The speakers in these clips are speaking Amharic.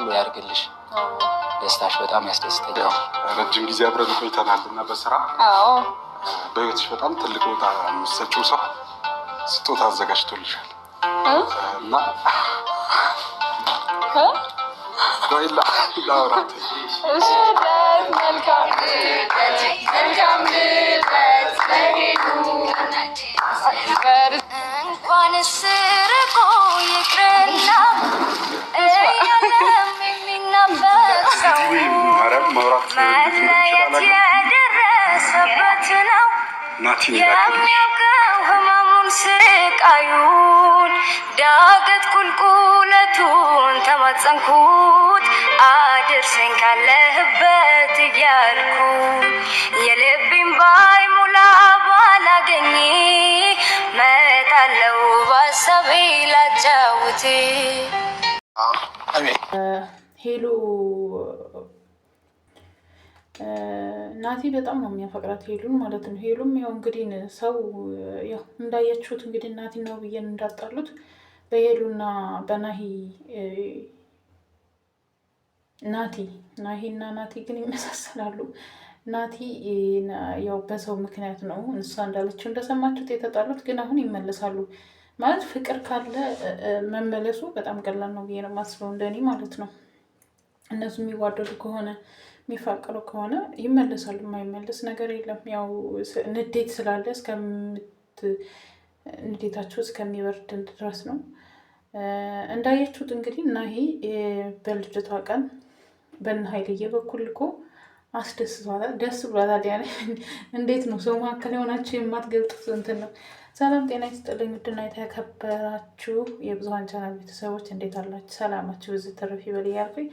ሁሉ ያርግልሽ። ደስታሽ በጣም ያስደስተኛል። ረጅም ጊዜ አብረን ቆይተናል እና በስራ በህይወትሽ በጣም ትልቅ ቦታ የምትሰጪው ሰው ስጦታ አዘጋጅቶልሻል እና እንኳንስ እናትህን የሚያውቀው ህመሙን ስቃዩን ዳገት ቁልቁለቱን ተማጸንኩት አድርሰኝ ካለህበት እያልኩ የልቤን ባይሞላ ባላገኝ መጣለው ባሳቤ ላጫውት ሄሎ ናቲ በጣም ነው የሚያፈቅራት ሄሉን ማለት ነው። ሄሉም ያው እንግዲህ ሰው ያው እንዳያችሁት እንግዲህ እናቲ ነው ብዬን እንዳጣሉት በሄሉና በናሂ ናቲ ናሂና ናቲ ግን ይመሳሰላሉ። ናቲ ያው በሰው ምክንያት ነው እንሷ እንዳለችው እንደሰማችሁት የተጣሉት፣ ግን አሁን ይመለሳሉ ማለት ፍቅር ካለ መመለሱ በጣም ቀላል ነው ብዬ ነው የማስበው እንደኔ ማለት ነው እነሱ የሚዋደዱ ከሆነ የሚፋቀሩ ከሆነ ይመለሳሉ። የማይመለስ ነገር የለም። ያው ንዴት ስላለ ንዴታቸው እስከሚበርድ ድረስ ነው። እንዳያችሁት እንግዲህ ናሂ በልጅቷ ቀን በነ ሀይልዬ በኩል አስደስቷታል፣ ደስ ብሏታል። ያ እንዴት ነው ሰው መካከል የሆናችሁ የማትገልጡት እንትን ነው። ሰላም ጤና ይስጥልኝ። ውድና የተከበራችሁ የብዙሀን ቻናል ቤተሰቦች እንዴት አላችሁ? ሰላማችሁ ብዙ ትርፍ ይበል እያልኩኝ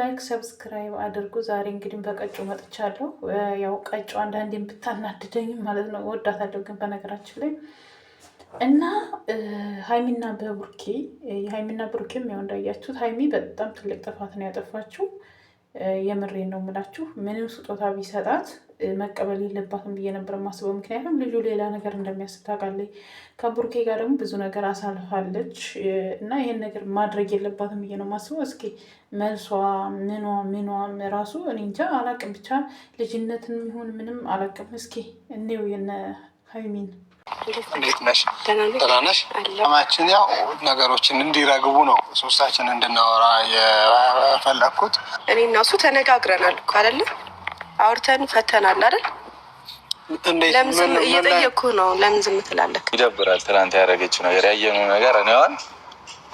ላይክ፣ ሰብስክራይብ አድርጉ። ዛሬ እንግዲህ በቀጮ መጥቻለሁ። ያው ቀጩ አንዳንዴ ብታናድደኝም ማለት ነው ወዳታለሁ፣ ግን በነገራችን ላይ እና ሀይሚና በቡርኬ የሀይሚና ብሩኬም ያው እንዳያችሁት ሀይሚ በጣም ትልቅ ጥፋት ነው ያጠፋችው የምሬን ነው የምላችሁ። ምንም ስጦታ ቢሰጣት መቀበል የለባትም ብዬ ነበር የማስበው። ምክንያቱም ልጁ ሌላ ነገር እንደሚያስብ ታውቃለች። ከቡርኬ ጋር ደግሞ ብዙ ነገር አሳልፋለች እና ይህን ነገር ማድረግ የለባትም ብዬ ነው የማስበው። እስኪ መልሷ ምኗ ምኗም ራሱ እኔ እንጃ አላቅም። ብቻ ልጅነትን ይሁን ምንም አላቅም። እስኪ እኔው የነ ሀይሚን እንዴት ነሽ? ደህና ነሽ? ማችን ያው ነገሮችን እንዲረግቡ ነው ሶስታችን እንድናወራ የፈለግኩት። እኔ እና እሱ ተነጋግረናል እኮ አይደለ? አውርተን ፈተናል አይደል? ለምን እየጠየቅኩህ ነው። ለምን ዝም ትላለህ? ይደብራል። ትናንት ያደረገችው ነገር ያየነው ነገር እኔዋን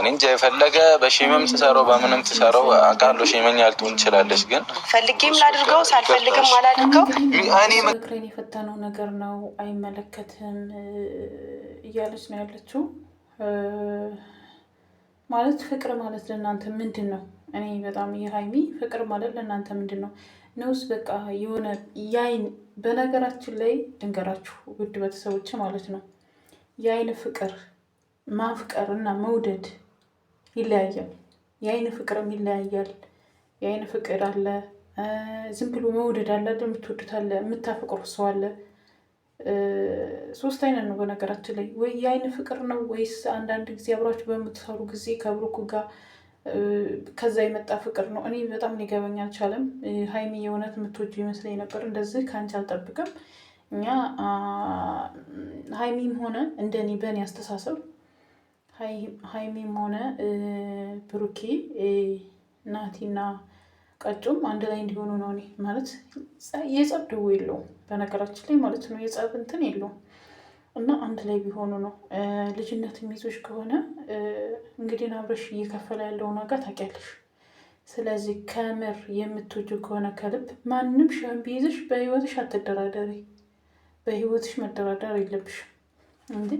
እንጃ የፈለገ በሺምም ትሰራው በምንም ትሰራው አቃሎ ሺመኝ ያልጡን እንችላለች። ግን ፈልጌም ላድርገው ሳልፈልግም አላድርገው ምክሬን የፈተነው ነገር ነው አይመለከትም እያለች ነው ያለችው። ማለት ፍቅር ማለት ለእናንተ ምንድን ነው? እኔ በጣም የሀይሚ ፍቅር ማለት ለእናንተ ምንድን ነው? ነውስ በቃ የሆነ ያይን በነገራችን ላይ ድንገራችሁ ውድ ቤተሰቦች ማለት ነው የአይን ፍቅር ማፍቀር እና መውደድ ይለያያል። የአይን ፍቅርም ይለያያል። የአይን ፍቅር አለ፣ ዝም ብሎ መውደድ አለ፣ የምትወዱት አለ፣ የምታፈቅሩ ሰው አለ። ሶስት አይነት ነው በነገራችን ላይ ወይ የአይን ፍቅር ነው ወይስ አንዳንድ ጊዜ አብራችሁ በምትሰሩ ጊዜ ከብሩክ ጋር ከዛ የመጣ ፍቅር ነው። እኔ በጣም ሊገባኝ አልቻለም። ሀይሚ የእውነት የምትወጁ ይመስለኝ ነበር። እንደዚህ ከአንቺ አልጠብቅም። እኛ ሀይሚም ሆነ እንደኔ በእኔ አስተሳሰብ ሀይሚም ሆነ ብሩኬ ናቲና ቀጩም አንድ ላይ እንዲሆኑ ነው እኔ ማለት የጸብ ድቡ የለውም በነገራችን ላይ ማለት ነው የጸብ እንትን የለውም እና አንድ ላይ ቢሆኑ ነው። ልጅነት የሚይዞች ከሆነ እንግዲህ አብረሽ እየከፈለ ያለው ነገር ታውቂያለሽ። ስለዚህ ከምር የምትወጁ ከሆነ ከልብ ማንም ሻን ቢይዝሽ በህይወትሽ አትደራደሪ። በህይወትሽ መደራደር የለብሽ እንዴ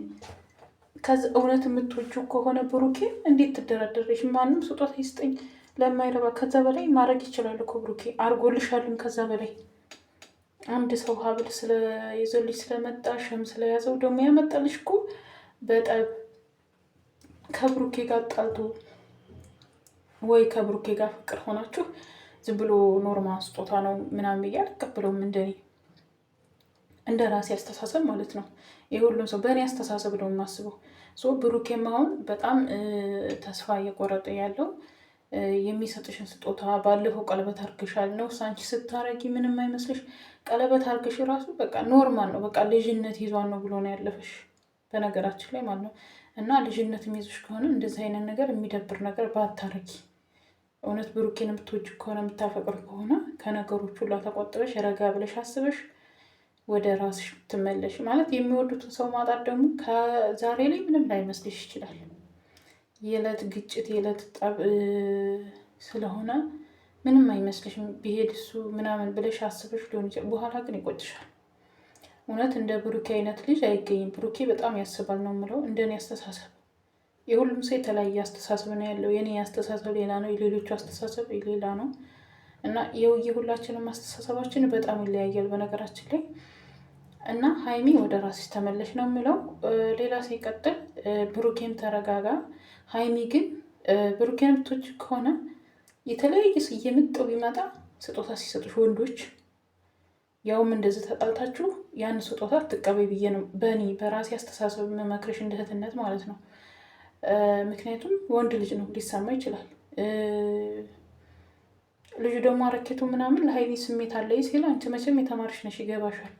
ከዚህ እውነት የምትወጁ ከሆነ ብሩኬ እንዴት ትደረደረች? ማንም ስጦታ ይስጠኝ ለማይረባ ከዛ በላይ ማድረግ ይችላል እኮ ብሩኬ አድርጎልሻልን። ከዛ በላይ አንድ ሰው ሀብል ስለይዞልሽ ስለመጣ ሸም ስለያዘው ደግሞ ያመጣልሽ እኮ በጠብ ከብሩኬ ጋር ጣልቶ ወይ ከብሩኬ ጋር ፍቅር ሆናችሁ ዝም ብሎ ኖርማ ስጦታ ነው ምናምን ብዬ አልቀበለውም እንደኔ እንደ ራሴ አስተሳሰብ ማለት ነው። የሁሉም ሰው በእኔ አስተሳሰብ ነው የማስበው። ብሩኬም አሁን በጣም ተስፋ እየቆረጠ ያለው የሚሰጥሽን ስጦታ ባለፈው ቀለበት አርግሻል ነው ሳንቺ ስታረጊ ምንም አይመስልሽ ቀለበት አርግሽ ራሱ በቃ ኖርማል ነው። በቃ ልጅነት ይዟን ነው ብሎ ነው ያለፈሽ በነገራችን ላይ ማለት ነው። እና ልጅነት የሚይዞች ከሆነ እንደዚህ አይነት ነገር የሚደብር ነገር ባታረጊ እውነት ብሩኬን የምትወጂው ከሆነ የምታፈቅር ከሆነ ከነገሮች ሁላ ተቆጥበሽ ረጋ ብለሽ አስበሽ ወደ ራስሽ ትመለሽ ማለት የሚወዱትን ሰው ማጣት ደግሞ ከዛሬ ላይ ምንም ላይመስልሽ ይችላል። የዕለት ግጭት የዕለት ጠብ ስለሆነ ምንም አይመስልሽም። ቢሄድ እሱ ምናምን ብለሽ አስበሽ ሊሆን ይችላል። በኋላ ግን ይቆጭሻል። እውነት እንደ ብሩኬ አይነት ልጅ አይገኝም። ብሩኬ በጣም ያስባል ነው የምለው። እንደኔ አስተሳሰብ የሁሉም ሰው የተለያየ አስተሳሰብ ነው ያለው። የኔ አስተሳሰብ ሌላ ነው፣ የሌሎቹ አስተሳሰብ ሌላ ነው። እና የውይ ሁላችንም አስተሳሰባችን በጣም ይለያያል በነገራችን ላይ እና ሀይሚ ወደ ራስሽ ተመለሽ ነው የምለው። ሌላ ሲቀጥል ብሩኬም ተረጋጋ። ሀይሚ ግን ብሩኬን ብቶች ከሆነ የተለያየ እየመጣው ቢመጣ ስጦታ ሲሰጡሽ ወንዶች ያውም እንደዚህ ተጣልታችሁ ያን ስጦታ ትቀበይ ብዬ ነው በእኔ በራሴ አስተሳሰብ መመክረሽ እንደ እህትነት ማለት ነው። ምክንያቱም ወንድ ልጅ ነው ሊሰማ ይችላል። ደግሞ አረኬቱ ምናምን ለሀይሊ ስሜት አለይ ሲል አንቺ መቼም የተማርሽ ነሽ ይገባሻል።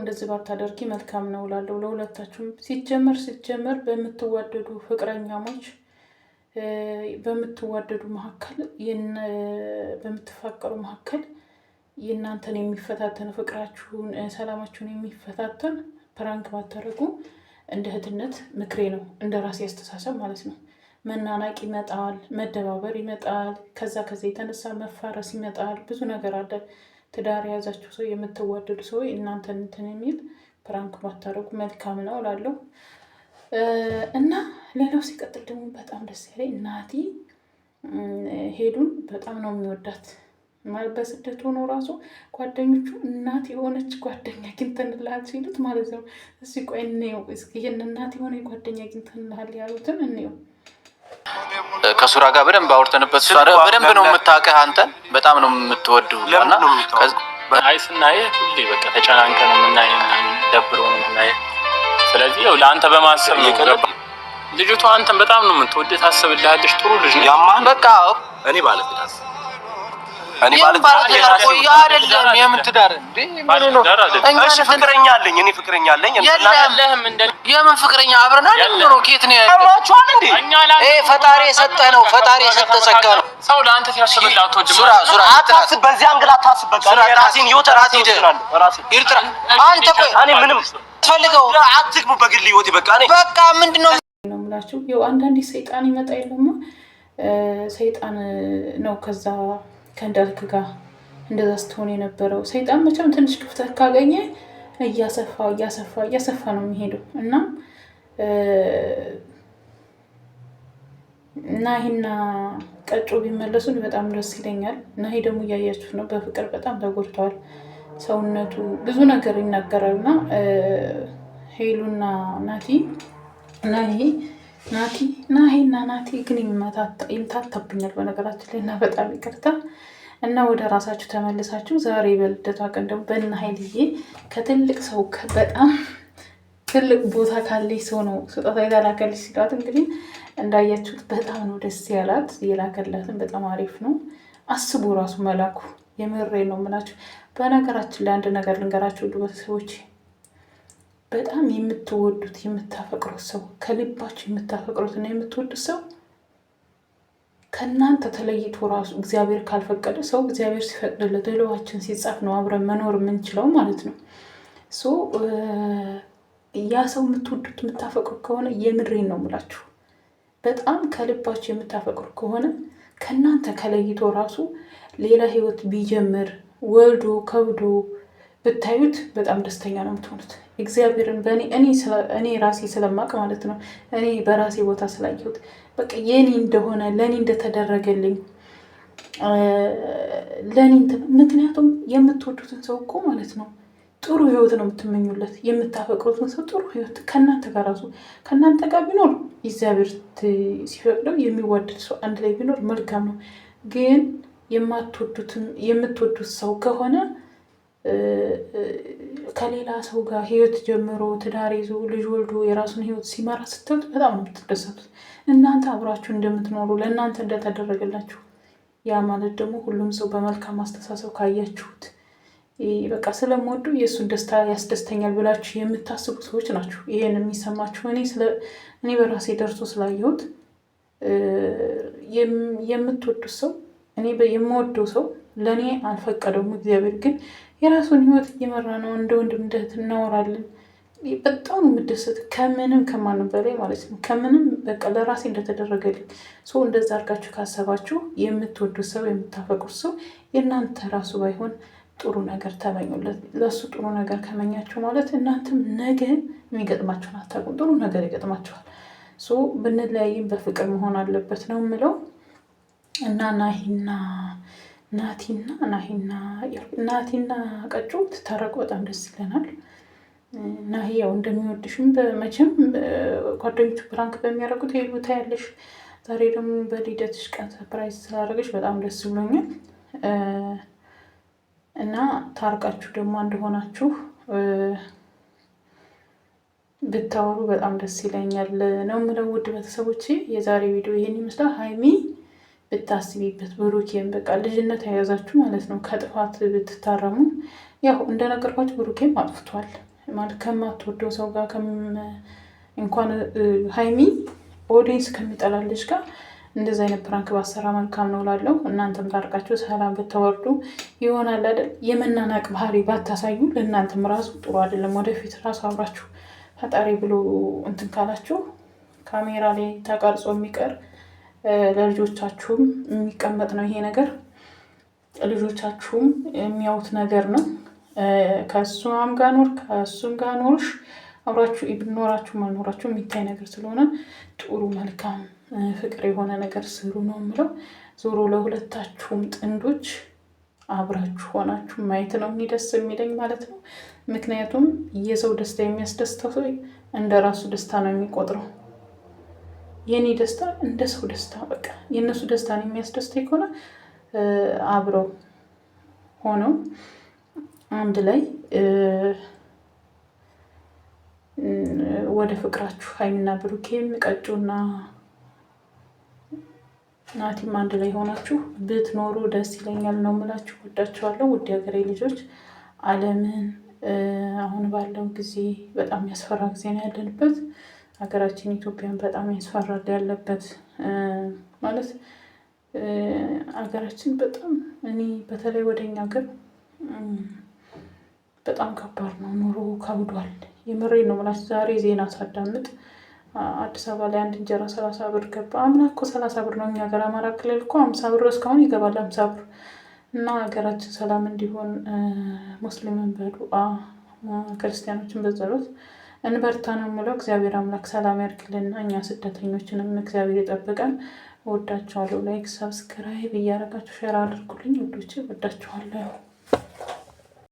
እንደዚህ ባታደርጊ መልካም ነው እላለሁ ለሁለታችሁም። ሲጀመር ሲጀመር በምትዋደዱ ፍቅረኛሞች በምትዋደዱ መካከል በምትፋቀሩ መካከል የእናንተን የሚፈታተን ፍቅራችሁን፣ ሰላማችሁን የሚፈታተን ፕራንክ ባታደርጉ እንደ እህትነት ምክሬ ነው፣ እንደ ራሴ አስተሳሰብ ማለት ነው። መናናቅ ይመጣል፣ መደባበር ይመጣል። ከዛ ከዛ የተነሳ መፋረስ ይመጣል። ብዙ ነገር አለ። ትዳር የያዛችሁ ሰው የምትዋደዱ ሰው እናንተን እንትን የሚል ፕራንክ ባታደርጉ መልካም ነው እላለሁ። እና ሌላው ሲቀጥል ደግሞ በጣም ደስ ያለኝ እናቲ ሄዱን በጣም ነው የሚወዳት ማለት በስደት ሆኖ ራሱ ጓደኞቹ እናት የሆነች ጓደኛ አግኝተንልሃል ሲሉት ማለት ነው። እስኪ ቆይ እንየው፣ ይህን እናት የሆነ ጓደኛ አግኝተንልሃል ያሉትን እንየው ከሱራ ጋር በደንብ አውርተንበት በደንብ ነው የምታውቅህ አንተ በጣም ነው የምትወዱ እና አይ ስናየህ ሁሌ በቃ ተጨናንቀን የምናየህ ደብረው የምናየህ ስለዚህ ያው ለአንተ በማሰብ ነው ገባ ልጅቷ አንተን በጣም ነው የምትወድ ታስብልሃለች ጥሩ ልጅ ነው በቃ እኔ ባለ እኔ ማለት አይደለም። የምን እንዴ? ምን ነው? እሺ ፍቅረኛ አለኝ እኔ ፍቅረኛ አለኝ። የምን ፍቅረኛ ነው? ኬት ነው ያማቹአል እንዴ? ይሄ ፈጣሪ የሰጠ ነው። ፈጣሪ የሰጠ ጸጋ ነው። ሰው ለአንተ ሲያስብልህ አትወድም። ሱራ ሱራ አታስብ፣ በዚህ አንግል አታስብ። በቃ ራሴን ይወጣ ራሴ ሄደ ራሴ ይርጥራ። አንተ ቆይ እኔ ምንም አትፈልገው። አትግቡ በግል ይወጥ በቃ እኔ በቃ ምንድነው ነው የምላችሁ። ያው አንዳንዴ ሰይጣን ይመጣ የለማ ሰይጣን ነው ከዛ ከእንዳልክ ጋር እንደዛ ስትሆን የነበረው ሰይጣን መቼም ትንሽ ክፍተት ካገኘ እያሰፋ እያሰፋ እያሰፋ ነው የሚሄደው እና እና ቀጮ ቢመለሱን በጣም ደስ ይለኛል። እና ይሄ ደግሞ እያያችሁ ነው። በፍቅር በጣም ተጎድተዋል። ሰውነቱ ብዙ ነገር ይናገራል እና ሄሉና ናቲ እና ይሄ ናቲ ናሂና ናቲ ግን ይምታታብኛል። በነገራችን ላይ እና በጣም ይቅርታ እና ወደ ራሳችሁ ተመልሳችሁ ዛሬ በልደቷ ቀን ደግሞ በእነ ሀይልዬ ከትልቅ ሰው በጣም ትልቅ ቦታ ካለች ሰው ነው ስጦታ የተላከልሽ ሲሏት፣ እንግዲህ እንዳያችሁት በጣም ነው ደስ ያላት። የላከላትን በጣም አሪፍ ነው። አስቡ ራሱ መላኩ የምሬ ነው የምላችሁ። በነገራችን ላይ አንድ ነገር ልንገራችሁ ውድ ቤተሰቦች በጣም የምትወዱት የምታፈቅሩት ሰው ከልባችሁ እና የምትወዱት ሰው ከእናንተ ተለይቶ ራሱ እግዚአብሔር ካልፈቀደ ሰው እግዚአብሔር ሲፈቅድለት ልባችን ሲጻፍ ነው አብረን መኖር የምንችለው ማለት ነው። ሶ ያ ሰው የምትወዱት የምታፈቅሩት ከሆነ የምድሬን ነው የምላችሁ። በጣም ከልባችሁ የምታፈቅሩት ከሆነ ከእናንተ ከለይቶ ራሱ ሌላ ህይወት ቢጀምር ወልዶ ከብዶ ብታዩት በጣም ደስተኛ ነው የምትሆኑት። እግዚአብሔርን እኔ ራሴ ስለማቅ ማለት ነው እኔ በራሴ ቦታ ስላየሁት በቃ የኔ እንደሆነ ለእኔ እንደተደረገልኝ ለእኔ ምክንያቱም የምትወዱትን ሰው እኮ ማለት ነው ጥሩ ህይወት ነው የምትመኙለት። የምታፈቅሩትን ሰው ጥሩ ህይወት ከእናንተ ጋር ራሱ ከእናንተ ጋር ቢኖር እግዚአብሔር ሲፈቅደው የሚዋደድ ሰው አንድ ላይ ቢኖር መልካም ነው። ግን የምትወዱት ሰው ከሆነ ከሌላ ሰው ጋር ህይወት ጀምሮ ትዳር ይዞ ልጅ ወልዶ የራሱን ህይወት ሲመራ ስትሉት በጣም ነው የምትደሰቱት። እናንተ አብራችሁ እንደምትኖሩ ለእናንተ እንደተደረገላችሁ፣ ያ ማለት ደግሞ ሁሉም ሰው በመልካም አስተሳሰብ ካያችሁት በቃ ስለምወዱ የእሱን ደስታ ያስደስተኛል ብላችሁ የምታስቡ ሰዎች ናችሁ። ይሄን የሚሰማችሁ እኔ በራሴ ደርሶ ስላየሁት የምትወዱት ሰው እኔ የምወደው ሰው ለእኔ አልፈቀደውም እግዚአብሔር ግን የራሱን ህይወት እየመራ ነው። እንደ ወንድም እንደት እናወራለን። በጣም የምደሰት ከምንም ከማንም በላይ ማለት ነው። ከምንም በቃ ለራሴ እንደተደረገልኝ ሰው እንደዛ አድርጋችሁ ካሰባችሁ የምትወዱ ሰው የምታፈቅሩት ሰው የእናንተ ራሱ ባይሆን ጥሩ ነገር ተመኙለት። ለሱ ጥሩ ነገር ከመኛችሁ ማለት እናንተም ነገ የሚገጥማችሁን አታውቁም፣ ጥሩ ነገር ይገጥማችኋል። ብንለያይም በፍቅር መሆን አለበት ነው የምለው እና ናሂና ናቲና ናሂና ናቲና ቀጮ ትታረቁ በጣም ደስ ይለናል። ናሂ ያው እንደሚወድሽም መቼም ጓደኞቹ ፕራንክ በሚያደርጉት ሄሉታ ያለሽ ዛሬ ደግሞ በልደትሽ ቀን ሰርፕራይዝ ስላደረገች በጣም ደስ ብሎኛል እና ታርቃችሁ ደግሞ አንድ ሆናችሁ ብታወሩ በጣም ደስ ይለኛል ነው የምለው። ውድ ቤተሰቦች የዛሬ ቪዲዮ ይሄን ይመስላል። ሀይሚ ብታስቢበት ብሩኬን በቃ ልጅነት ያያዛችሁ ማለት ነው። ከጥፋት ብትታረሙ ያው እንደነገርኳቸው ብሩኬም አጥፍቷል ማለት ከማትወደው ሰው ጋር እንኳን ሀይሚ ኦዲየንስ ከሚጠላ ልጅ ጋር እንደዚ አይነት ፕራንክ ባሰራ መልካም ነው ላለው። እናንተም ታርቃችሁ ሰላም ብታወርዱ ይሆናል አይደል? የመናናቅ ባህሪ ባታሳዩ ለእናንተም ራሱ ጥሩ አይደለም። ወደፊት ራሱ አብራችሁ ፈጣሪ ብሎ እንትን ካላችሁ ካሜራ ላይ ተቀርጾ የሚቀር ለልጆቻችሁም የሚቀመጥ ነው ይሄ ነገር። ልጆቻችሁም የሚያዩት ነገር ነው። ከሱ ጋር ኖር ከእሱም ጋር ኖርሽ አብራችሁ ኖራችሁም አልኖራችሁ የሚታይ ነገር ስለሆነ ጥሩ መልካም ፍቅር የሆነ ነገር ስሩ ነው የምለው። ዞሮ ለሁለታችሁም ጥንዶች አብራችሁ ሆናችሁ ማየት ነው እኔ ደስ የሚለኝ ማለት ነው። ምክንያቱም የሰው ደስታ የሚያስደስተው ሰው እንደ ራሱ ደስታ ነው የሚቆጥረው። የእኔ ደስታ እንደ ሰው ደስታ በቃ የእነሱ ነው የሚያስደስተኝ ከሆነ አብረው ሆነው አንድ ላይ ወደ ፍቅራችሁ ሀይሚና ብሩኬም ቀጩና ናቲም አንድ ላይ ሆናችሁ ብትኖሩ ደስ ይለኛል ነው የምላችሁ። ወዳችኋለሁ ውድ ሀገሬ ልጆች። ዓለምን አሁን ባለው ጊዜ በጣም ያስፈራ ጊዜ ነው ያለንበት። ሀገራችን ኢትዮጵያን በጣም ያስፈራል ያለበት ማለት ሀገራችን በጣም እኔ በተለይ ወደኛ ሀገር በጣም ከባድ ነው፣ ኑሮ ከብዷል። የምሬ ነው የምላችሁ። ዛሬ ዜና ሳዳምጥ አዲስ አበባ ላይ አንድ እንጀራ ሰላሳ ብር ገባ። አምና እኮ ሰላሳ ብር ነው እኛ ሀገር አማራ ክልል እኮ አምሳ ብር እስካሁን ይገባል አምሳ ብር እና ሀገራችን ሰላም እንዲሆን ሙስሊምን በዱዓ ክርስቲያኖችን በጸሎት እንበርታ ነው የምለው። እግዚአብሔር አምላክ ሰላም ያርግልን፣ እኛ ስደተኞችንም እግዚአብሔር ይጠብቀን። ወዳችኋለሁ። ላይክ፣ ሰብስክራይብ እያደረጋችሁ ሸር አድርጉልኝ። ወዶቼ ወዳችኋለሁ።